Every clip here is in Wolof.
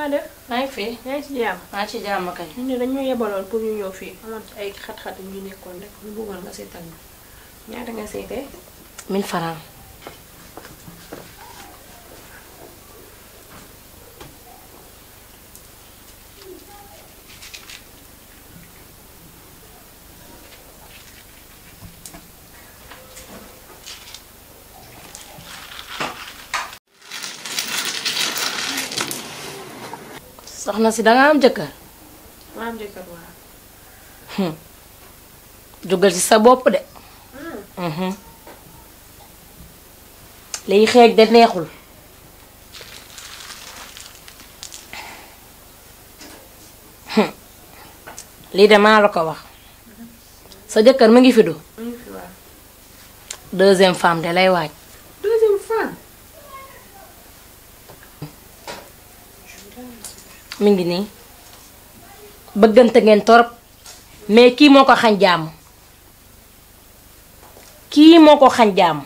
naa def. maa ngi fi. yaa ngi ci jàmm. maa ci jàmm kay. ñu dañoo yebaloon pour ñu ñëw fii amoon ay xat-xat yu ñu nekkoon rek ñu bëggoon nga seetal ñu ñaata nga seetee. 1000 francs. soxna si danga am jëkkër. ma jógal hmm. ci sa bopp de. Hmm. Hmm. liy xeej de neexul. lii de maa la ko wax. sa jëkkër mu ngi fi du. deuxième femme de lay waaj. mingi ni nii bëggante ngeen torop mais ki moko xañ jaam ki moko xañ jaam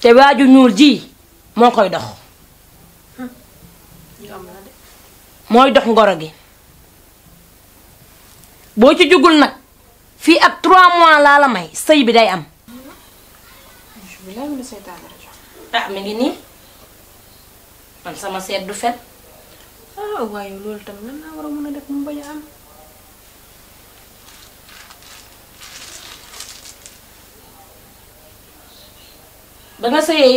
te waju ñuul ji mo koy dox moy dox ngoro gi bo ci jugul nak fi ak 3 mois la la may sey bi day am ah mingi ni man sama set du fet ah waaye loolu tam nan laa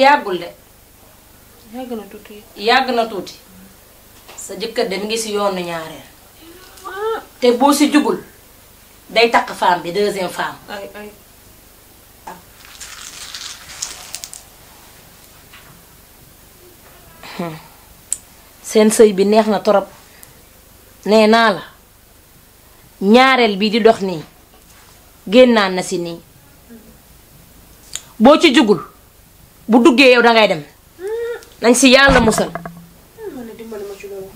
yàggul de. yàgg na tuuti yàgg na tuuti sa jëkkër de mi ngi si yoonu ñaareel. Ah. te boo si jugul day takk femme bi deuxième femme. Hmm. seen sëy bi neex na torop nee naa la ñaareel bii di dox nii génnaan na si nii boo ci jugul bu duggee yow dangay dem nañ si yàlla musal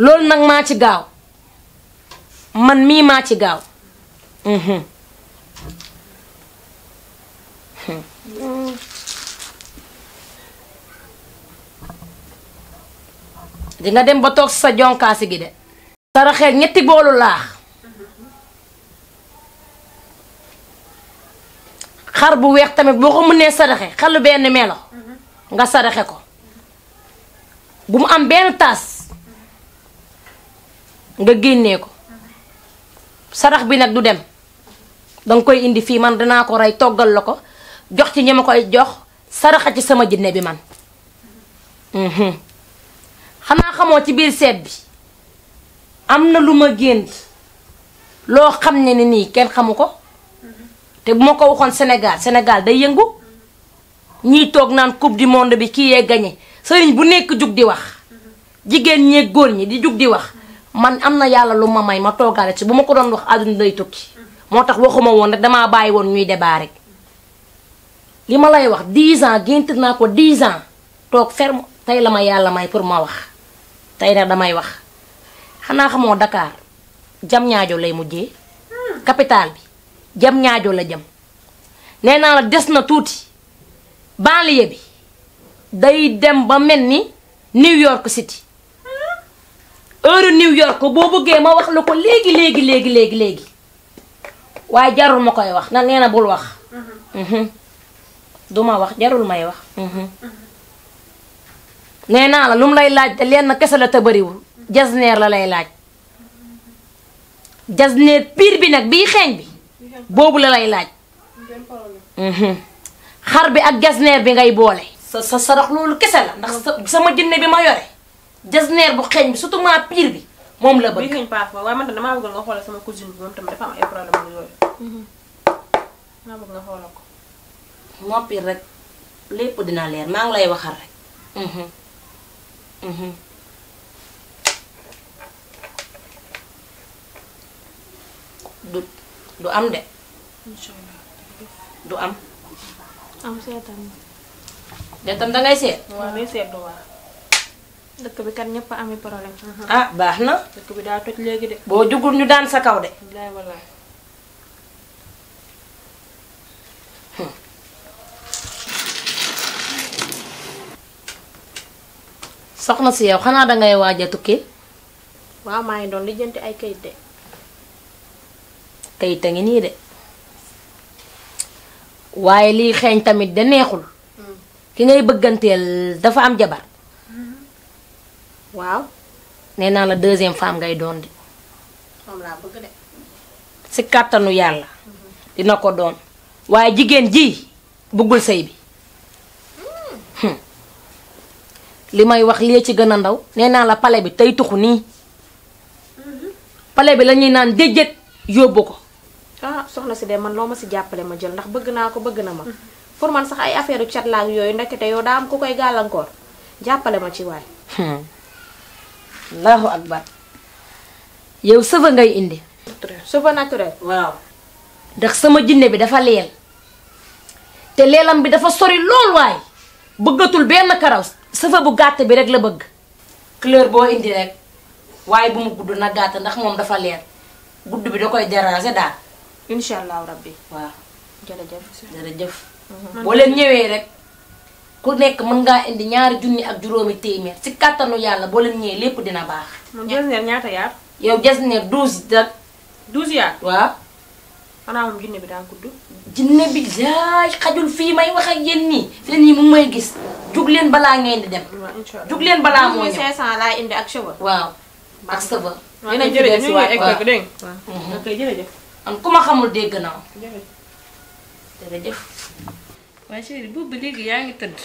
loolu nag maa ci gaaw man mii maa ci gaaw mhm. mm. di nga dem ba tok sa jonkasi gi de xel ñetti bolu laax xar bu wex tamit ko xalu ben melo nga saraxe ko bu mu am ben tas nga genné ko sarax bi nak du dem dang koy indi fi man dana ko ray togal lako ko jox ci ñima koy jox saraxa ci sama jinne bi man mhm. xanaa xamoo ci biir seet bi am na lu ma gént loo xam ne ni nii kenn xamu ko te bu ma ko waxoon Sénégal Sénégal day yëngu ñiy toog naan coupe du monde bi kii yee gagné sëriñ bu nekk jug di wax jigéen ñee góor ñi di jug di wax man am na yàlla lu ma may ma toogaale ci bu ma ko doon wax àdduna day tukki moo tax waxuma woon rek damaa bàyyi woon ñuy débat rek li ma lay wax 10 ans gént naa ko 10 ans toog ferme tey la ma yàlla may pour ma wax tey nag damay wax xanaa xamoo Dakar jam ñaajo lay mujjee capital bi jam ñaajo la jam nee naa la des na tuuti banlieue bi day dem ba mel ni New York City heure New York boo bëggee ma wax la ko léegi léegi léegi léegi léegi waaye jarul ma koy wax na nee na bul wax. Mhm. Mhm. du ma wax jarul may wax. Mhm. nee naa la lu mu lay laaj te lenn kese la te bëriwul jasneer la lay laaj bi nag bii xeeñ bi boobu la lay laaj mhm. xar bi ak jasneer bi ngay boole sa sa sarax loolu kese ndax sama bi ma yore jasneer bu xeeñ bi surtout maa piir bi la man bëgg nga sama cousine bi tam dafa am ay problème mhm. bëgg nga rek dina leer lay waxal rek mhm. du am de. du am. am seetaan. de dangay seet. waaw day seetlu waaw. dëkk bi kat ñëpp ami problème. ah baax na. dëkk bi daa toj léegi de. boo jugul ñu daan sa kaw de. walaay walaay. Hmm. soxna si yow xanaa dangay waaj a tukki. waaw maa ngi doon lijjanti ay kayit de. kayit a ngi nii de waaye lii xeeñ tamit da neexul. Hmm. ki ngay bëgganteel dafa am jabar. Hmm. waaw. nee naa la deuxième femme ngay doon de. si kàttanu yàlla. Hmm. dina ko doon waaye jigéen ji bëggul sëy bi. li may wax lee ci gën a ndaw nee naa la pale bi tey tuxu nii pale bi lañuy naan déjét yóbbu ko. ah soxna si de man loo ma si jàppale ma jël ndax bëgg naa ko bëgg na ma. pour man sax ay affaire cat la yooyu ndekete yow daa am koy gàllankoor jàppale ma ci waay. Hmm. allahu akbar yow sëfa ngay indi. sëfa naturel waaw. ndax sama jinne bi dafa leel te leelam bi dafa sori lool waay. bëggatul benn karaw safa bu gàtt bi rek la bëgg couleur boo indi rek waaye bu mu gudd na gàtt ndax moom dafa leer gudd bi da koy déranger daal. incha allahu rabbi waaw. jërëjëf jëf mhm. boo leen ñëwee rek ku nekk mën ngaa indi ñaari junni ak juróomi téeméer si kàttanu yàlla boo leen ñëwee lépp dina baax. moom jësneer ñaata yow jësneer douze yaar. douze yaar waaw. xanaa jinne bi daa gudd. jinne bi daay xajul fi may wax ak yéen ni fi ne nii mu may gis jug len bala ngeen di dem. jug len bala mo ñëw 500 la indi ak cheveux. waaw ak cheveux. jere ci des waaw ak dégg nga. Mhm. ok jere man am kuma xamul deg dégg jere jërëjëf wa ci bu bu deg ya ngi teud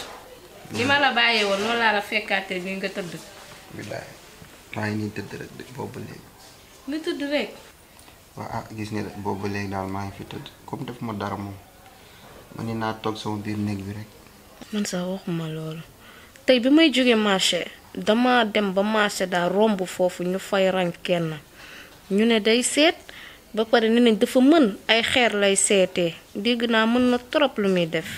li ma la bàyyee woon noonu laa la fekkate nii nga teud billahi ma ngi nii tëdd rek boobu léegi. ni teud rek. waaw ah gis nga boobu léegi daal maa ngi fi tëdd comme def ma dara moom ma ni naa toog sama biir néeg bi rek. man sax waxuma loolu tey bi may jóge marché dama dem ba marché daal romb foofu ñu fay rang kenn ñu ne day seet ba pare ne nañ dafa mën ay xeer lay seetee dégg naa mën na trop lu muy def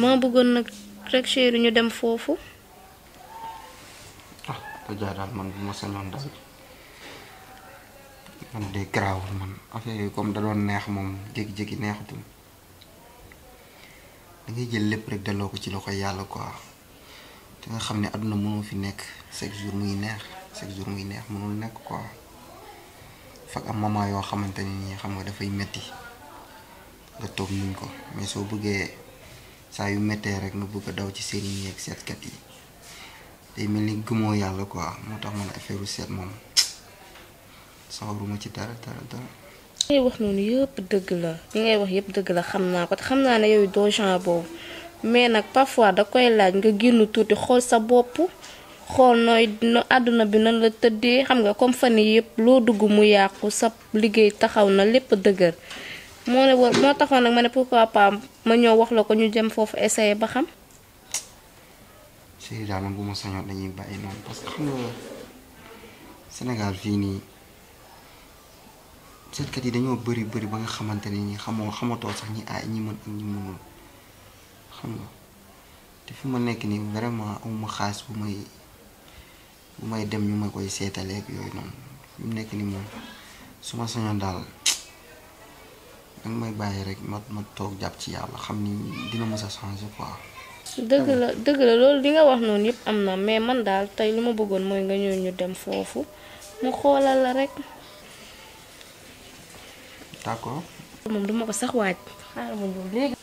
maa bëggoon nag rek chéri ñu dem foofu. ah daal man bu ma sañoon daal. man de garaawul man affaire yi comme da doon neex moom jékki-jékki neexatul da ngay jël lépp rek delloo ko ci loxo yàlla quoi te nga xam ne àdduna mënoo fi nekk chaque jour muy neex chaque jour muy neex mënul nekk quoi fak am moment yoo xamante ni nii xam nga dafay metti nga toog nuñ ko mais soo bëggee saa yu mettee rek nga bëgg a daw ci seen yi ak seetkat yi day mel ni gëmoo yàlla quoi moo tax man affaire u seet moom. sawaruma ci dara dara dara. li ngay wax noonu yëpp dëgg la li ngay wax yëpp dëgg la xam naa ko xam naa ne yow doo genre boobu mais nag parfois da koy laaj nga génn tuuti xool sa bopp xool nooy àdduna bi nan la tëddee xam nga comme fan yii yëpp loo dugg mu yàqu sa liggéey taxaw na lépp dëgër moo ne war moo taxoon nag ma ne pourquoi pas ma ñëw wax la ko ñu jëm foofu essayer ba xam. Sénégal bu ma sañoon dañuy bàyyi noonu parce xam nga Sénégal fii nii. seetkat yi dañoo bëri bari ba nga xamante ne ñi xamoo xamatoo sax ñi aay ñi mën ak ñi mënul xam nga te fi ma nekk nii vraiment amuma xaas bu may bu dem ñu ma koy seetalee yooyu noonu fi mu nekk nii moom su ma sañoon daal danga may bàyyi rek ma ma toog jàpp ci yàlla xam ni dina mës a changer quoi. dëgg la dëgg la loolu li wax noonu yëpp am na mais man daal tey li ma bëggoon mooy nga ñëw ñu dem foofu mu xoolal la rek. d'accord. moom duma ko sax waaj. xaaral ma ñëw léegi.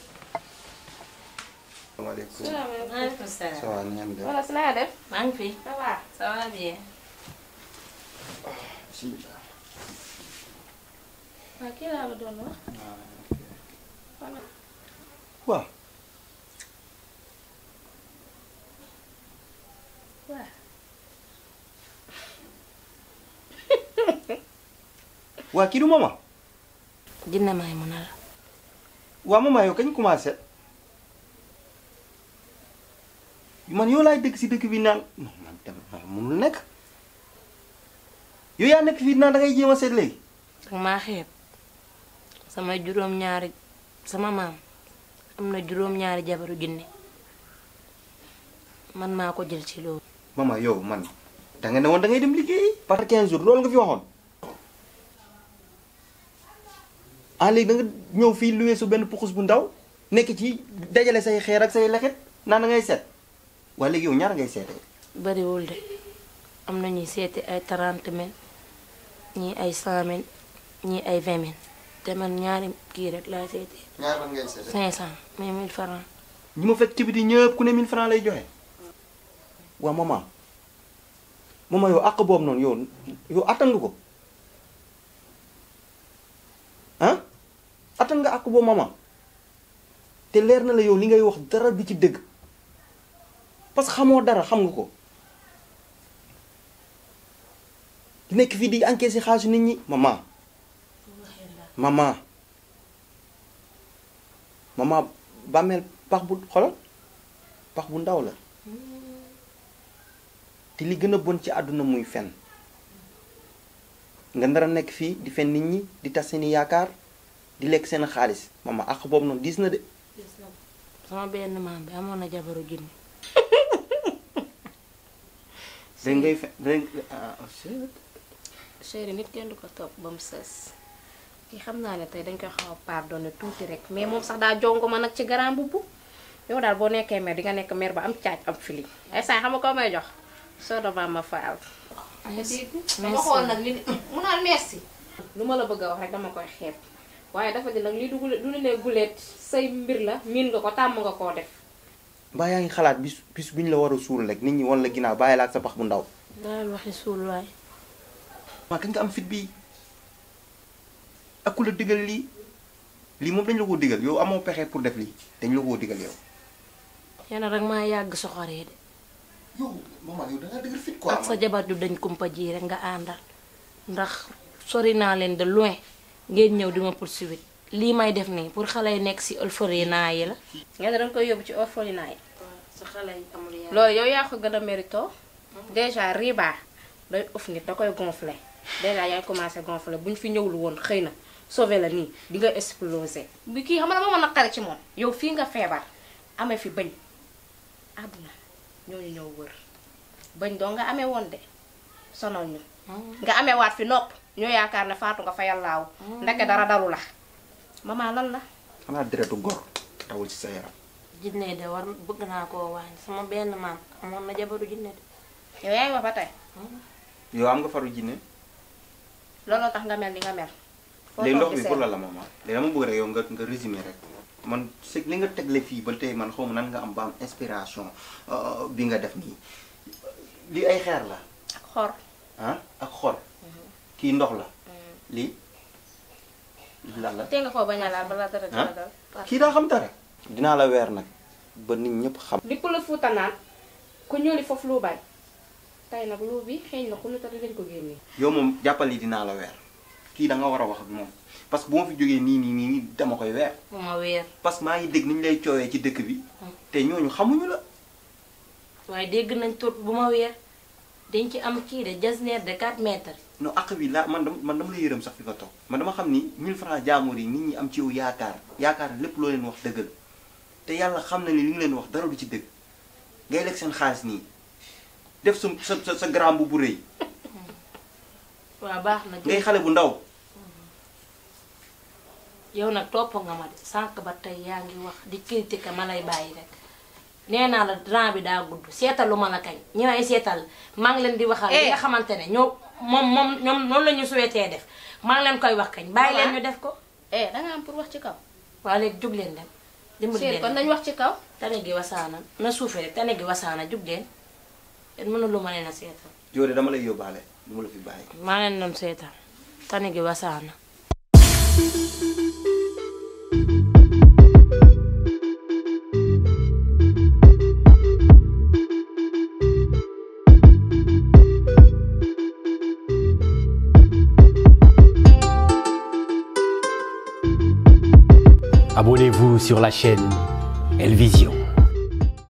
salaamaaleykum. maaleykum salaam. ça va ngeen def. wala su naa def. maa ngi fi. ça va. ça va bien. Ah, waaw kii laa la doon wax. Ah, waaw. jinna maymunal waama maayo kañ commencé man yow laay dëkk si bi man dem mënul nekk yow yaa nek da ya ngay sama juróom ñaari sama maam am na juróom jinne man ma ko jël ci loolu mama yow man da nga ne woon da ngay dem liggéey par 15 jours nga fi ah léegi ñëw fii luwee su benn puxus bu ndaw nekk ci dajale say xeer ak say lexet na ngay seet waaye léegi yow ñaar ngay seetee. bariwul de am na ñuy seeti ay trent mille ñii ay cent mille ñii ay vingt mille te man ñaari kii rek laa seetee. ñaar cinq cent mais mille francs. ñi ma fekk ci biti ñëpp ku ne mille francs lay joxe. waaw maman maman yow àq boobu noonu yow yow attan ko. attan nga àqu mama? Teler te leer na la yow li ngay wax dara hamu ci dëgg parce xamo dara xam nga ko nek fi di encaisser xaju nit ñi mama mama mama bamel pax bu xolal pax bu ndaw la te li gëna bon ci aduna muy fenn nga ndara nek fi di fenn nit ñi di yaakar di lekk seen xaalis mama ak boobu noonu diis na de. sama benn maam bi amoon na jabar a da ngay fe da ah, nit kenn du ko topp ba mu sës kii xam naa ne tey dañ koy xaw a pardonné tuuti rek mais moom sax daa jongo ma nag ci grand boubou yow daal boo nekkee mère di nga nekk mère ba am caaj am fili ay saa koo may jox soo dama ma faal. merci dama xool nag li mu lu ma la bëgg a wax rek dama koy xeeb. waaye dafa di nag li du du lu ne guleet say mbir la miin nga ko tàmm nga koo def. mbaa yaa ngi xalaat bis bis ñu la war a suul rek nit ñi wan la ginnaaw bàyyi la ak sa pax bu ndaw. daa leen waxi suul waay. waaw am fit bii ak ku la digal lii lii moom dañ la ko digal yow amoo pexe pour def lii dañ la ko digal yow. yéen rek maa yàgg soxoree de. yow sa jabar ju dañ kumpa ji rek nga àndal ndax sori naa leen de loin. ngeen ñëw di ma poursuivre lii may def nii pour xale yi nekk si orphelinat yi la. nga ne danga koy yóbbu ci orphelinat yi. sa xale yi amul loolu yow yaa ko gën a mérito. dèjà riba day uf nit da koy gonfler dèjà yaa ngi commencé gonfler bu ñu fi ñëwul woon xëy na sauvé la nii di nga exploser. bi kii xam nga dama mën a xare ci moom. yow fii nga feebar amee fi bañ àdduna ñooñu ñëw wër bañ doo nga amee woon de sonal ñu. Hmm. nga amee waat fi nopp. ñoo yaakaar ne faatu nga fa yàllaaw. ndeke dara dalu la. maman lan la. xanaa deretu gor tawul ci sa yaram. jinne de war bëgg naa koo wàññi sama benn maam moom na jabaru jinne de. yow yaay wax ba tey. yow am nga faru jinne. looloo tax nga mel ni nga mel. léegi ndox la la maman léegi dama yow nga nga résumé man c' li nga tegle fii ba tey man xaw ma nga am ba am inspiration euh, bi nga def nii li ay xeer la. ak xor ah ak xor. kii ndox la mm. lii lan la. tey nga koo bañ a laal balaa dara ah? kii daa xam dara. dinaa la weer nag ba nit ñëpp xam. li pël Fuuta naan ku ñëwli foofu lu bañ tey nag lu bi xeeñ na ku ne te dinañ ko génnee. yow moom jàppal yi dinaa la weer kii da nga war a wax ak moom parce que bu ma fi jógee nii nii nii dama koy weer. ma weer parce que maa ngi dégg ni ñu lay coowee ci dëkk bi. Hmm. te ñooñu xamuñu la. waaye dégg nañ tur bu ma weer dañ ci am kii de jas jasneer de 4 mètres. no ak bi la man man dam lay yeureum sax fi ko tok man dama xamni ni 1000 francs jaamoor yi nit ñi am ci yow yaakar yaakar lepp lo leen wax dëggal te yalla xamna ni li ngi leen wax dara du ci deug ngay lek seen xaalis ni def sa sa sa bu bu rëy. waaw baax na ngay xale bu ndaw. Mm-hmm. yow nak top nga ma sank ba tay yaangi wax di critiquer ma lay rek neena la rang bi da gudd setal ma la kay ñi may setal maa ngi leen di waxal. Eh. li nga xamantene ñoo. moom moom ñoom noonu la ñu souhaité def maa leen koy wax kañ. bàyyi leen ñu def ko. eh da am pour wax ci kaw. waaw léegi jug leen dem. dimbali leen kon nañu wax ci kaw. tane gi wasaana na suufee rek tane gi wasaana jug leen mënuloo ma leen a seetaan. Jóode dama lay yóbbaale du ma la fi bàyyi. maa leen doon seetaan tane gi wasaana. abonnez-vous sur la chaîne Elvision.